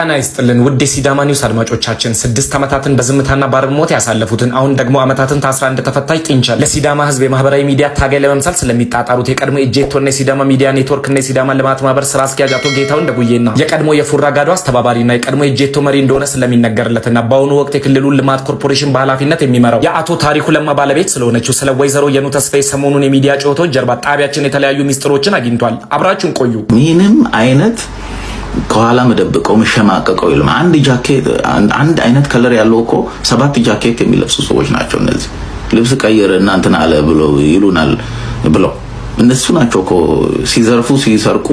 ጤና ይስጥልን ውድ የሲዳማ ኒውስ አድማጮቻችን፣ ስድስት ዓመታትን በዝምታና ባርሞት ያሳለፉትን አሁን ደግሞ ዓመታትን ታስራ እንደተፈታች ጥንቻል ለሲዳማ ሕዝብ የማህበራዊ ሚዲያ ታጋይ ለመምሰል ስለሚጣጣሩት የቀድሞ የጄቶና የሲዳማ ሚዲያ ኔትወርክና የሲዳማ ልማት ማህበር ስራ አስኪያጅ አቶ እንደጉዬ ደጉዬና የቀድሞ የፉራ ጋዶ አስተባባሪና የቀድሞ እጄቶ መሪ እንደሆነ ስለሚነገርለትና በአሁኑ ወቅት የክልሉን ልማት ኮርፖሬሽን በኃላፊነት የሚመራው የአቶ ታሪኩ ለማ ባለቤት ስለሆነችው ስለ ወይዘሮ የኑ ተስፋዬ ሰሞኑን የሚዲያ ጨዋታዎች ጀርባ ጣቢያችን የተለያዩ ሚስጥሮችን አግኝቷል። አብራችሁን ቆዩ። ምንም አይነት ከኋላ መደብቀው መሸማቀቀው ይልም አንድ ጃኬት አንድ አይነት ከለር ያለው እኮ ሰባት ጃኬት የሚለብሱ ሰዎች ናቸው እነዚህ። ልብስ ቀይር እናንትን አለ ብሎ ይሉናል ብለው እነሱ ናቸው እኮ ሲዘርፉ ሲሰርቁ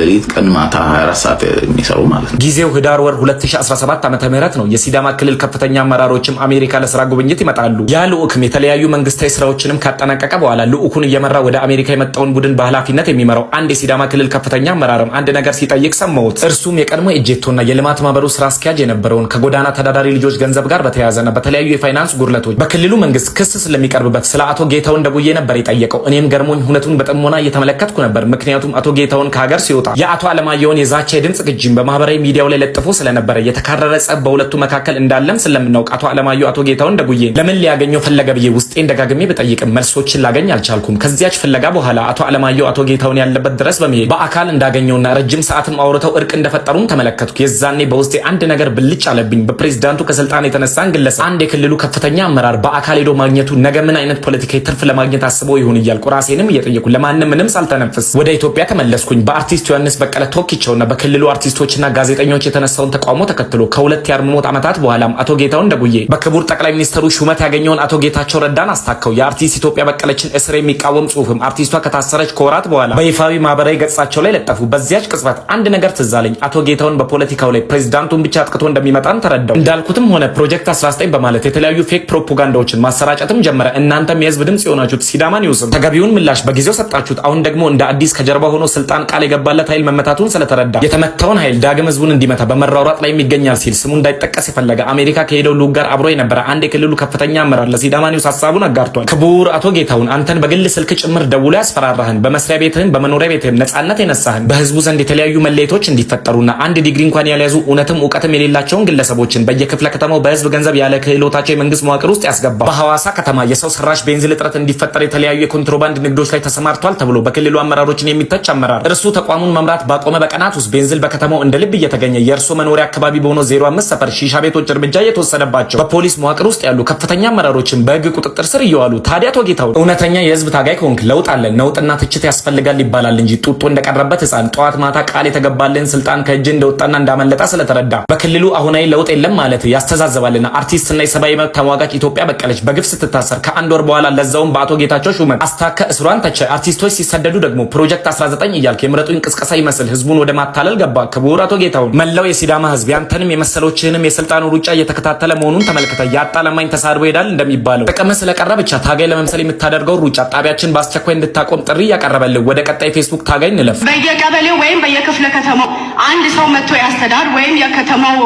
ሌሊት ቀን ማታ 24 ሰዓት የሚሰሩ ማለት ነው። ጊዜው ህዳር ወር 2017 ዓ ም ነው። የሲዳማ ክልል ከፍተኛ አመራሮችም አሜሪካ ለስራ ጉብኝት ይመጣሉ። ያ ልዑክም የተለያዩ መንግስታዊ ስራዎችንም ካጠናቀቀ በኋላ ልዑኩን እየመራ ወደ አሜሪካ የመጣውን ቡድን በኃላፊነት የሚመራው አንድ የሲዳማ ክልል ከፍተኛ አመራርም አንድ ነገር ሲጠይቅ ሰማሁት። እርሱም የቀድሞ እጀቶና የልማት ማህበሩ ስራ አስኪያጅ የነበረውን ከጎዳና ተዳዳሪ ልጆች ገንዘብ ጋር በተያያዘና በተለያዩ የፋይናንስ ጉድለቶች በክልሉ መንግስት ክስ ስለሚቀርብበት ስለ አቶ ጌታውን ደጉዬ ነበር የጠየቀው። እኔም ገርሞኝ ሁነ ሂደቱን በጥሞና እየተመለከትኩ ነበር። ምክንያቱም አቶ ጌታውን ከሀገር ሲወጣ የአቶ አለማየሁን የዛቻ የድምፅ ግጅም በማህበራዊ ሚዲያው ላይ ለጥፎ ስለነበረ የተካረረ ጸብ በሁለቱ መካከል እንዳለም ስለምናውቅ አቶ አለማየሁ አቶ ጌታውን ደጉዬ ለምን ሊያገኘው ፈለገ ብዬ ውስጤን ደጋግሜ ብጠይቅም መልሶችን ላገኝ አልቻልኩም። ከዚያች ፍለጋ በኋላ አቶ አለማየሁ አቶ ጌታውን ያለበት ድረስ በመሄድ በአካል እንዳገኘውና ረጅም ሰዓትም አውርተው እርቅ እንደፈጠሩም ተመለከትኩ። የዛኔ በውስጤ አንድ ነገር ብልጭ አለብኝ። በፕሬዚዳንቱ ከስልጣን የተነሳን ግለሰብ አንድ የክልሉ ከፍተኛ አመራር በአካል ሄዶ ማግኘቱ ነገ ምን አይነት ፖለቲካዊ ትርፍ ለማግኘት አስበው ይሁን እያልኩ ራሴንም እየጠየኩ ጠየቁ። ለማንም ምንም ሳልተነፍስ ወደ ኢትዮጵያ ተመለስኩኝ። በአርቲስት ዮሐንስ በቀለ ቶኪቸውና በክልሉ አርቲስቶችና ጋዜጠኞች የተነሳውን ተቃውሞ ተከትሎ ከሁለት የአርምሞት ዓመታት በኋላም አቶ ጌታሁን ደጉዬ በክቡር ጠቅላይ ሚኒስትሩ ሹመት ያገኘውን አቶ ጌታቸው ረዳን አስታከው የአርቲስት ኢትዮጵያ በቀለችን እስር የሚቃወም ጽሁፍም አርቲስቷ ከታሰረች ከወራት በኋላ በይፋዊ ማህበራዊ ገጻቸው ላይ ለጠፉ። በዚያች ቅጽበት አንድ ነገር ትዛለኝ። አቶ ጌታሁን በፖለቲካው ላይ ፕሬዚዳንቱን ብቻ አጥቅቶ እንደሚመጣን ተረዳው። እንዳልኩትም ሆነ ፕሮጀክት 19 በማለት የተለያዩ ፌክ ፕሮፓጋንዳዎችን ማሰራጨትም ጀመረ። እናንተም የህዝብ ድምጽ የሆናችሁት ሲዳማ ኒውስም ተገቢውን ምላሽ በጊዜው ሰጣችሁት። አሁን ደግሞ እንደ አዲስ ከጀርባ ሆኖ ስልጣን ቃል የገባለት ኃይል መመታቱን ስለተረዳ የተመታውን ኃይል ዳግም ህዝቡን እንዲመታ በመራራጥ ላይ ይገኛል ሲል ስሙ እንዳይጠቀስ የፈለገ አሜሪካ ከሄደው ልዑክ ጋር አብሮ የነበረ አንድ የክልሉ ከፍተኛ አመራር ለሲዳማ ኒውስ ሀሳቡን አጋርቷል። ክቡር አቶ ጌታሁን አንተን በግል ስልክ ጭምር ደውሎ ያስፈራራህን፣ በመስሪያ ቤትህን በመኖሪያ ቤትህም ነጻነት የነሳህን፣ በህዝቡ ዘንድ የተለያዩ መለየቶች እንዲፈጠሩና አንድ ዲግሪ እንኳን ያልያዙ እውነትም እውቀትም የሌላቸውን ግለሰቦችን በየክፍለ ከተማው በህዝብ ገንዘብ ያለ ክህሎታቸው የመንግስት መዋቅር ውስጥ ያስገባ፣ በሐዋሳ ከተማ የሰው ሰራሽ ቤንዚን እጥረት እንዲፈጠር የተለያዩ የኮንትሮባንድ ንግዶች ላይ ተሰማርቷል ተብሎ በክልሉ አመራሮችን የሚተች አመራር እርሱ ተቋሙን መምራት ባቆመ በቀናት ውስጥ ቤንዚል በከተማው እንደ ልብ እየተገኘ የእርሶ መኖሪያ አካባቢ በሆነው 05 ሰፈር ሺሻ ቤቶች እርምጃ እየተወሰደባቸው በፖሊስ መዋቅር ውስጥ ያሉ ከፍተኛ አመራሮችን በህግ ቁጥጥር ስር እየዋሉ ታዲያ ቶጌታው እውነተኛ የህዝብ ታጋይ ከሆንክ ለውጥ አለ ነውጥና ትችት ያስፈልጋል ይባላል እንጂ ጡጦ እንደቀረበት ህፃን ጠዋት ማታ ቃል የተገባልን ስልጣን ከእጅ እንደወጣና እንዳመለጣ ስለተረዳ በክልሉ አሁናዊ ለውጥ የለም ማለት ያስተዛዘባልና አርቲስትና የሰብአዊ መብት ተሟጋች ኢትዮጵያ በቀለች በግፍ ስትታሰር ከአንድ ወር በኋላ ለዛውም በአቶ ጌታቸው ሹመት አስታከ እስሯን አርቲስቶች ሲሰደዱ ደግሞ ፕሮጀክት 19 እያልክ የምረጡኝ ቅስቀሳ ይመስል ህዝቡን ወደ ማታለል ገባ። ክቡር አቶ ጌታሁን መላው የሲዳማ ህዝብ ያንተንም የመሰሎችህንም የስልጣኑ ሩጫ እየተከታተለ መሆኑን ተመልክተ ያጣ ለማኝ ተሳድቦ ሄዳል እንደሚባለው ጥቅም ስለቀረ ብቻ ታጋይ ለመምሰል የምታደርገው ሩጫ ጣቢያችን በአስቸኳይ እንድታቆም ጥሪ ያቀረበልህ። ወደ ቀጣይ ፌስቡክ ታጋይ እንለፍ። በየቀበሌው ወይም በየክፍለ ከተማው አንድ ሰው መጥቶ ያስተዳድር ወይም የከተማው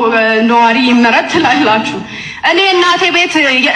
ነዋሪ ይመረጥ ትላላችሁ። እኔ እናቴ ቤት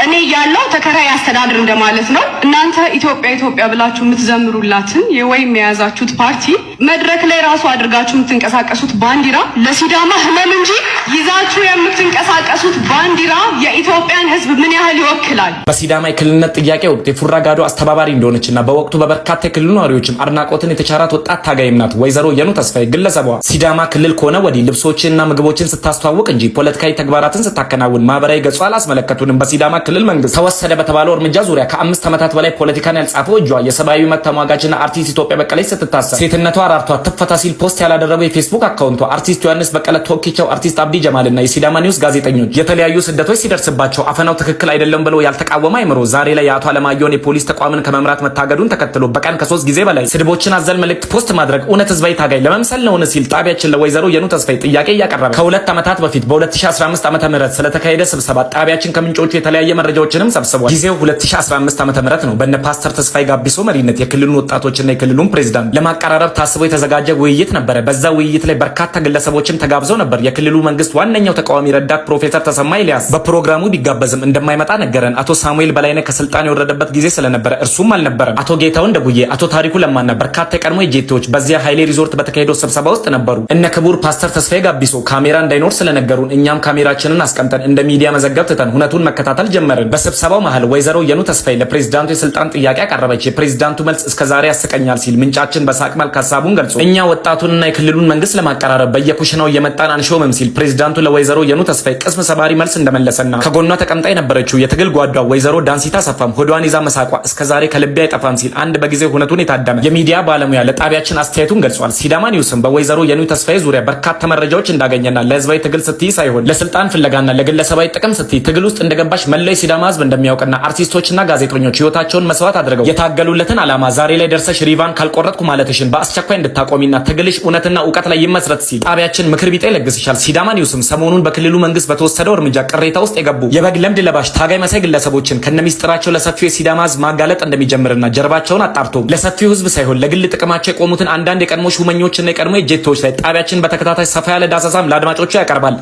እኔ እያለሁ ተከራይ አስተዳድር እንደማለት ነው። እናንተ ኢትዮጵያ ኢትዮጵያ ብላችሁ የምትዘምሩላትን ወይም የያዛችሁት ፓርቲ መድረክ ላይ ራሱ አድርጋችሁ የምትንቀሳቀሱት ባንዲራ ለሲዳማ ህመም እንጂ ይዛችሁ የምትንቀሳቀሱት ባንዲራ የኢትዮጵያን ህዝብ ምን ያህል ይወክላል? በሲዳማ የክልልነት ጥያቄ ወቅት የፉራ ጋዶ አስተባባሪ እንደሆነችና በወቅቱ በበርካታ የክልሉ ነዋሪዎችም አድናቆትን የተቻራት ወጣት ታጋይም ናት ወይዘሮ የኑ ተስፋዬ። ግለሰቧ ሲዳማ ክልል ከሆነ ወዲህ ልብሶችንና ምግቦችን ስታስተዋውቅ እንጂ ፖለቲካዊ ተግባራትን ስታከናውን ማህበራዊ ገጽ አላስመለከቱንም። በሲዳማ ክልል መንግስት ተወሰደ በተባለው እርምጃ ዙሪያ ከአምስት ዓመታት በላይ ፖለቲካን ያልጻፈው እጇ የሰብአዊ መብት ተሟጋችና አርቲስት ኢትዮጵያ በቀለች ስትታሰር ሴትነቷ አራርቷ ትፈታ ሲል ፖስት ያላደረገው የፌስቡክ አካውንቷ አርቲስት ዮሐንስ በቀለ ቶኪቻው፣ አርቲስት አብዲ ጀማል እና የሲዳማ ኒውስ ጋዜጠኞች የተለያዩ ስደቶች ሲደርስባቸው አፈናው ትክክል አይደለም ብለው ያልተቃወመ አይምሮ ዛሬ ላይ የአቶ አለማየሁን የፖሊስ ተቋምን ከመምራት መታገዱን ተከትሎ በቀን ከሶስት ጊዜ በላይ ስድቦችን አዘል መልእክት ፖስት ማድረግ እውነት ህዝባዊ ታጋይ ለመምሰል ነውን ሲል ጣቢያችን ለወይዘሮ የኑ ተስፋይ ጥያቄ እያቀረበ ከሁለት ዓመታት በፊት በ2015 ዓ ም ስለተካሄደ ስብሰባ አድርሷል። ጣቢያችን ከምንጮቹ የተለያየ መረጃዎችንም ሰብስቧል። ጊዜው 2015 ዓ ም ነው። በነ ፓስተር ተስፋይ ጋቢሶ መሪነት የክልሉን ወጣቶችና የክልሉን ፕሬዚዳንት ለማቀራረብ ታስቦ የተዘጋጀ ውይይት ነበረ። በዛ ውይይት ላይ በርካታ ግለሰቦችም ተጋብዘው ነበር። የክልሉ መንግስት ዋነኛው ተቃዋሚ ረዳት ፕሮፌሰር ተሰማ ኤልያስ በፕሮግራሙ ቢጋበዝም እንደማይመጣ ነገረን። አቶ ሳሙኤል በላይነ ከስልጣን የወረደበት ጊዜ ስለነበረ እርሱም አልነበረም። አቶ ጌታው እንደጉዬ፣ አቶ ታሪኩ ለማና በርካታ የቀድሞ የጄቴዎች በዚያ ኃይሌ ሪዞርት በተካሄደው ስብሰባ ውስጥ ነበሩ። እነ ክቡር ፓስተር ተስፋዬ ጋቢሶ ካሜራ እንዳይኖር ስለነገሩን እኛም ካሜራችንን አስቀምጠን እንደ ሚዲያ መዘጋ ማስዘገብ ትተን ሁነቱን መከታተል ጀመርን። በስብሰባው መሀል ወይዘሮ የኑ ተስፋዬ ለፕሬዝዳንቱ የስልጣን ጥያቄ አቀረበች። የፕሬዝዳንቱ መልስ እስከዛሬ ያስቀኛል ሲል ምንጫችን በሳቅ መልክ ሀሳቡን ገልጾ እኛ ወጣቱንና የክልሉን መንግስት ለማቀራረብ በየኩሽናው እየመጣን አንሾምም ሲል ፕሬዝዳንቱ ለወይዘሮ የኑ ተስፋዬ ቅስም ሰባሪ መልስ እንደመለሰና ከጎኗ ተቀምጣ የነበረችው የትግል ጓዷ ወይዘሮ ዳንሲታ ሰፋም ሆዷን ይዛ መሳቋ እስከዛሬ ከልቤ አይጠፋም ሲል አንድ በጊዜ ሁነቱን የታደመ የሚዲያ ባለሙያ ለጣቢያችን አስተያየቱን ገልጿል። ሲዳማ ኒውስም በወይዘሮ የኑ ተስፋዬ ዙሪያ በርካታ መረጃዎች እንዳገኘና ለህዝባዊ ትግል ስትይ ሳይሆን ለስልጣን ፍለጋና ለግለሰባዊ ጥቅም ስትይ ትግል ውስጥ እንደገባሽ መላው ሲዳማ ሕዝብ እንደሚያውቅና አርቲስቶችና ጋዜጠኞች ህይወታቸውን መስዋዕት አድርገው የታገሉለትን ዓላማ ዛሬ ላይ ደርሰሽ ሪቫን ካልቆረጥኩ ማለትሽን በአስቸኳይ እንድታቆሚና ትግልሽ እውነትና እውቀት ላይ ይመስረት ሲል ጣቢያችን ምክር ቢጤ ይለግስሻል። ሲዳማ ኒውስም ሰሞኑን በክልሉ መንግስት በተወሰደው እርምጃ ቅሬታ ውስጥ የገቡ የበግ ለምድ ለባሽ ታጋይ መሳይ ግለሰቦችን ከነሚስጥራቸው ለሰፊው የሲዳማ ማጋለጥ እንደሚጀምርና ጀርባቸውን አጣርቶ ለሰፊው ህዝብ ሳይሆን ለግል ጥቅማቸው የቆሙትን አንዳንድ የቀድሞ ሹመኞችና የቀድሞ የጄቶዎች ላይ ጣቢያችን በተከታታይ ሰፋ ያለ ዳሰሳም ለአድማጮቹ ያቀርባል።